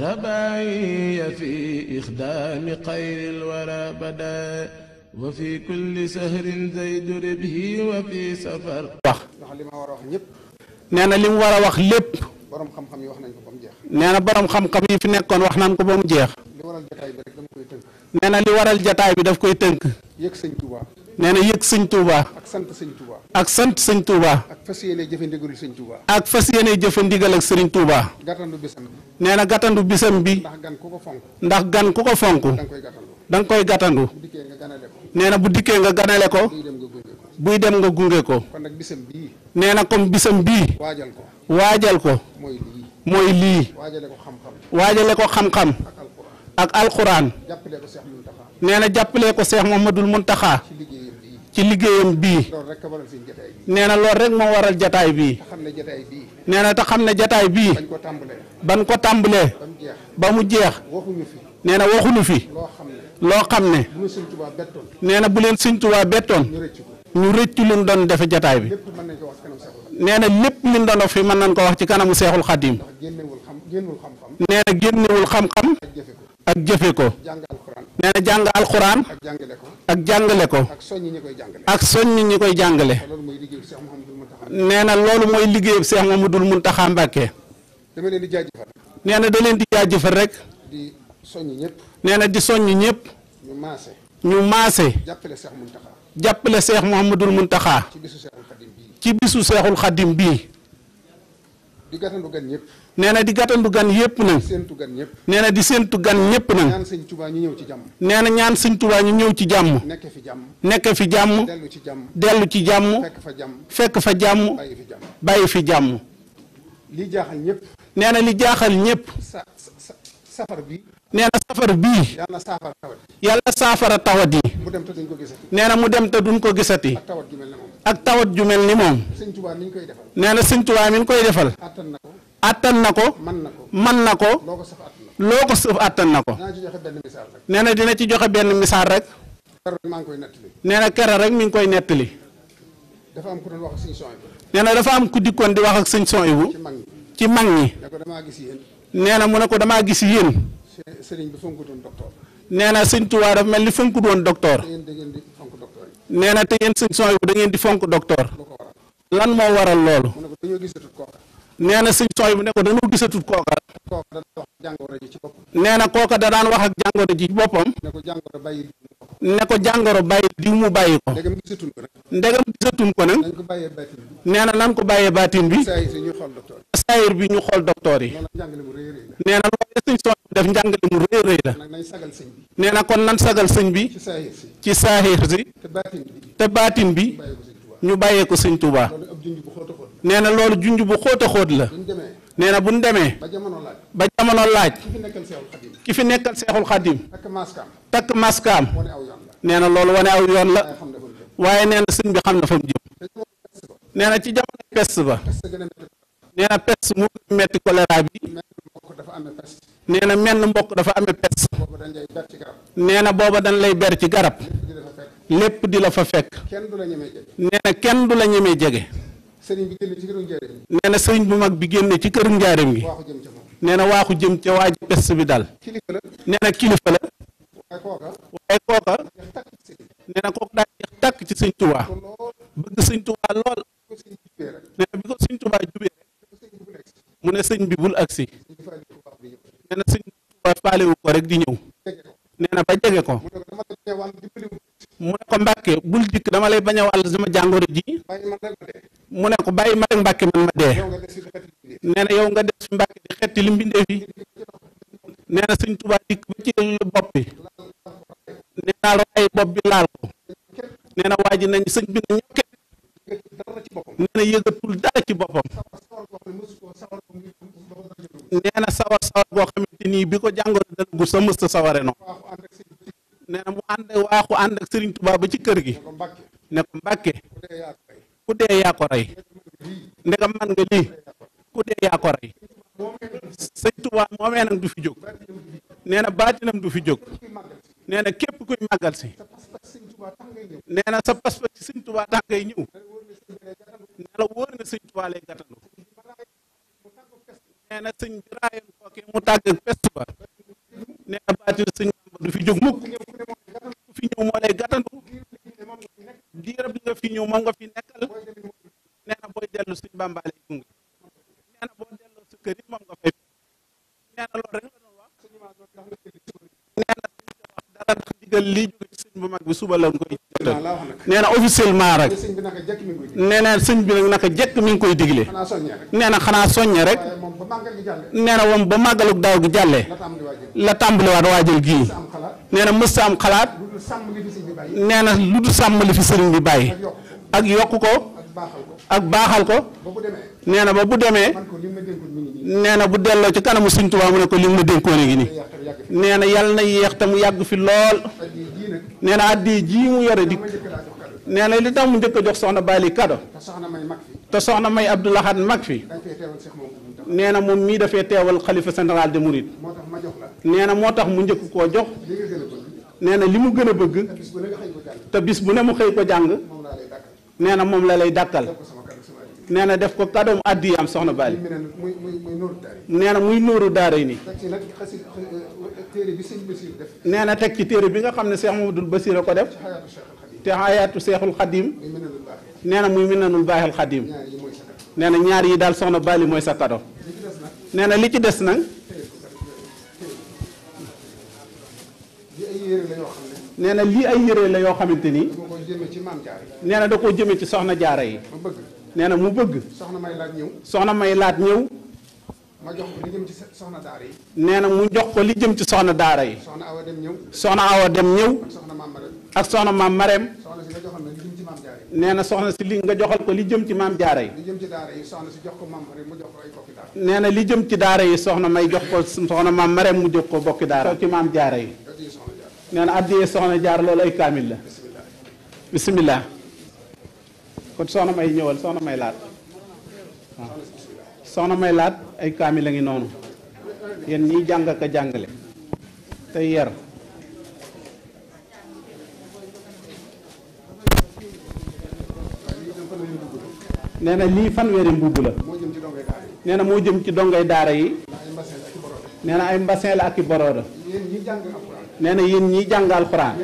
رباعي في إخدام قيل الورى بدا وفي كل سهر زيد ربه وفي سفر نانا لي ورا واخ نانا بروم خم خام في نكون واخ نانكو بام جيخ نانا لي ورال جتاي بي داف كوي توبا نانا يك توبا ak sante sëñ Touba. ak fasiyene yéene jëfe Touba. ak fasiyene jeufandigal ak sëriñ Touba. gàttandu bisam neena nee bisam bi. ndax gan kuko ko fonk. ndax gan ku fonk. da koy gàttandu. neena bu dikke nga ganale ko. buy dem nga gungé ko. kon nag bisam bi nee bisam ko. waajal ko. moy li mooy ko xam-xam. ko xam-xam. ak alquran jàppale ko cheikh Muntaxa. nee ko ci ci liggéeyam bii nee na loolu rek moo waral jataay bii nee na te xam ne jataay bii ban ko tàmbalee ba mu jeex nee na waxuñu fi loo xam ne nee na bu leen Sëñ Tuubaa bettoon ñu rëccu li mu doon defe jataay bi nee na lépp li doon wax fi mën nañ ko wax ci kanamu Seexul Xadiim nee na génnewul xam-xam ak jafe ko nee na jàng alxuraan. ak jàngale ko. ak jàngale ko. ak soññ ñi koy jàngale. ak soññ ñi koy jàngale. nee na loolu mooy liggéeyub Seex Mamadul Muntaxa Mbàkke. dama leen di jaajëfal. nee na da leen di jaajëfal rek. di soññ nee na di soññ ñëpp. ñu maase. maase. jàppale Seex mu jàppale Seex Muhammadul Muntaxa. ci bisu Seexul Xadim bii. ci bisu Seexul Xadim bii. di gàttandu gan yep nee na di gàttandu gan di gan yep na di séentu gan ñëpp nag. ñaan sëñ Tuubaa ci ñaan ñu ci fi ci jamm fa jamm fi jamm li jaaxal ñep neena li jaaxal ñep safar bi. neena safar bi yalla safara tawadi mu dem ta duñ ko gisati. mu dem duñ ko gisati. ak tawat ju mel ni moom. nee na sëñ Tuubaa ngi koy defal. attan na ko man na ko loo ko sëf àttan na ko. nee na dina ci joxe benn misaal rek. nee na kera rek mi ngi koy nettali. nee na dafa am ku dikkoon di wax ak sëñ son bu ci mag ñi. nee na mu ne ko damaa gis yéen. nee na sëñ Tuubaa dafa mel ni fonku doon docteur. nee na te yéen sëñ son bu da ngeen di fonk docteur lan moo waral loolu nee na sëñ son bu ne ko dañoo gisatut kooka nee na kooka da daan wax ak jàngoro ji ci boppam ne ko jàngoro bàyyi diw mu bàyyi ko ndegam gisatun ko nag nee na nan ko bàyyee baatin bi daayir bi ñu xool docteur yi nee na loolu sëñ soo def njàngale mu rëy rëy la nee na kon nan sagal sëñ bi ci saahir si te baatin bi ñu bàyyee ko sëñ Tuubaa nee na loolu junj bu xóot a xóot la nee na bu ñu demee ba jamono laaj ki fi nekkal seexul xadim takk maskaam nee na loolu wane aw yoon la waaye nee na sëñ bi xam na fa mu jëm nee na ci jamono pest ba nee na pes moo gën a metti choléra bi. nee na menn mbokk dafa amee pes. nee na booba dañ lay ber ci garab. lépp di la fa fekk. nee na kenn du la ñemee jege. nee na sëriñ bu mag bi génne ci këru njaareem gi. nee na waaxu jëm ca waa ji pes bi dal. nee na kilifa la. waaye kooka. nee na kooku daal tàkk ci sëñ Tuubaa. bëgg sëñ Tuubaa lool. nee bi ko sëñ Tuubaa jubee mu ne sëñ bi bul agsi nee na sëñ bi faalewu ko rek di ñëw nee na ba jege ko mu ne ko mbàkke bul dikk dama lay bañ a sama jàngoro ji mu ne ko bàyyi ma rek mbàkke man ma dee nee na yow nga def fi mbàkke di xetti li mbindee fi nee na sëñ tubaa dikk ba ci bopp bi nee na bopp bi laal ko nee na waa nañ sëñ bi na ñokket nee yëgatul dara ci boppam nee na sawar sawar boo xamante ni bi ko jàngoro dalagu sa mësta saware noonu nee na mu ànd waaxu ànd ak Serigne Touba ba ci kër gi ne ko Mbàkke ku dee yaa ko rey ndegam man nga lii ku dee yaa ko rey sëñ Touba moomee nag du fi jóg nee na baatinam du fi jóg nee na képp kuy màggal si nee na sa pas-pas ci sëñ Touba tax ngay ñëw nee la na sëñ Touba lay gàttandu sëñ bi raayoon kooke mu tàgg ak pest ba nee baatil sëñ Bamba du fi jóg mukk ku fi ñëw moo lay gàttandu diirab li nga fi ñëw moom nga fi nekkal nee booy dellu sëñ Bamba lay gunge nee boo delloo sa kër moom nga fay nee na loolu rek la doon wax nee na sëñ wax dara ndax ndigal lii jóge ci bu mag bi suba la koy jotal nee na officiellement rek nee na sëñ bi nag naka jekk mi ngi koy digle nee na xanaa soññe rek nee na moom ba màggalug daaw gi jàlle la tàmbaliwaat waajal gii nee na mës am xalaat nee na lu du sàmm li fi sëriñ bi bàyyi ak yokk ko ak baaxal ko nee na ba bu demee nee na bu delloo ci kanamu sëñ Tuubaa mu ne ko li ma dénkoone gi nii nee na yàlla na yéex te mu yàgg fi lool nee na addi ji mu yore dikk nee na li tax mu njëkk a jox soxna Bali kado te soxna may Abdou Lahad mag fi nee na moom mii dafee teewal xalifa général de Mouride nee na moo tax mu njëkk koo jox nee na li mu gën a bëgg te bis bu ne mu xëy ko jàng nee na moom la lay dàkkal nee na def ko kadoom addi am soxna Bali nee na muy nóoru daara yi nii nee na teg ci téere bi nga xam ne Cheikh Mamadou dul a ko def te ayaatu seexul xadim nee na muy minanul baaxil xadim nee na ñaar yi daal soxna Bali mooy sa kado nee na li des nag nee na lii ay yére la yoo xamante ni nee na da koo jëme ci soxna jaara yi nee na mu bëgg soxna may laat ñëw soxna may laat ñëw ma jox ko li jëm yi nee na mu jox ko li jëm ci soxna daara yi soxna awa dem soxna awa dem ñëw ak soxna maam Marème nee na soxna si li nga joxal ko li jëm ci maam jaara yi. nee na li jëm ci daara yi soxna may jox ko soxna maam Marème mu jox ko bokki daara ci maam jaara yi. nee na addiyee soxna jaar loolu ay kaamil la. bisimilah. kon soxna may ñëwal soxna may laat waaw soxna may laat ay kaamil la ngi noonu yéen ñiy jàng ak a jàngale tey yar. nee na lii fanweeri mbubb la. nee na moo jëm ci dongay daara yi. nee na ay mbasin la ak i borooda. nee na yéen ñiy jàng alxuraan.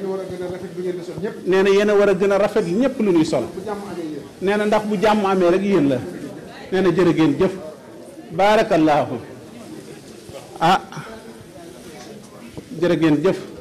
nee na yéen a war a gën a rafet ñëpp lu ñuy sol. nee na ndax bu jàmm amee rek yéen la. nee na jërë ngeen jëf. baarakallaahu ah jërë jëf.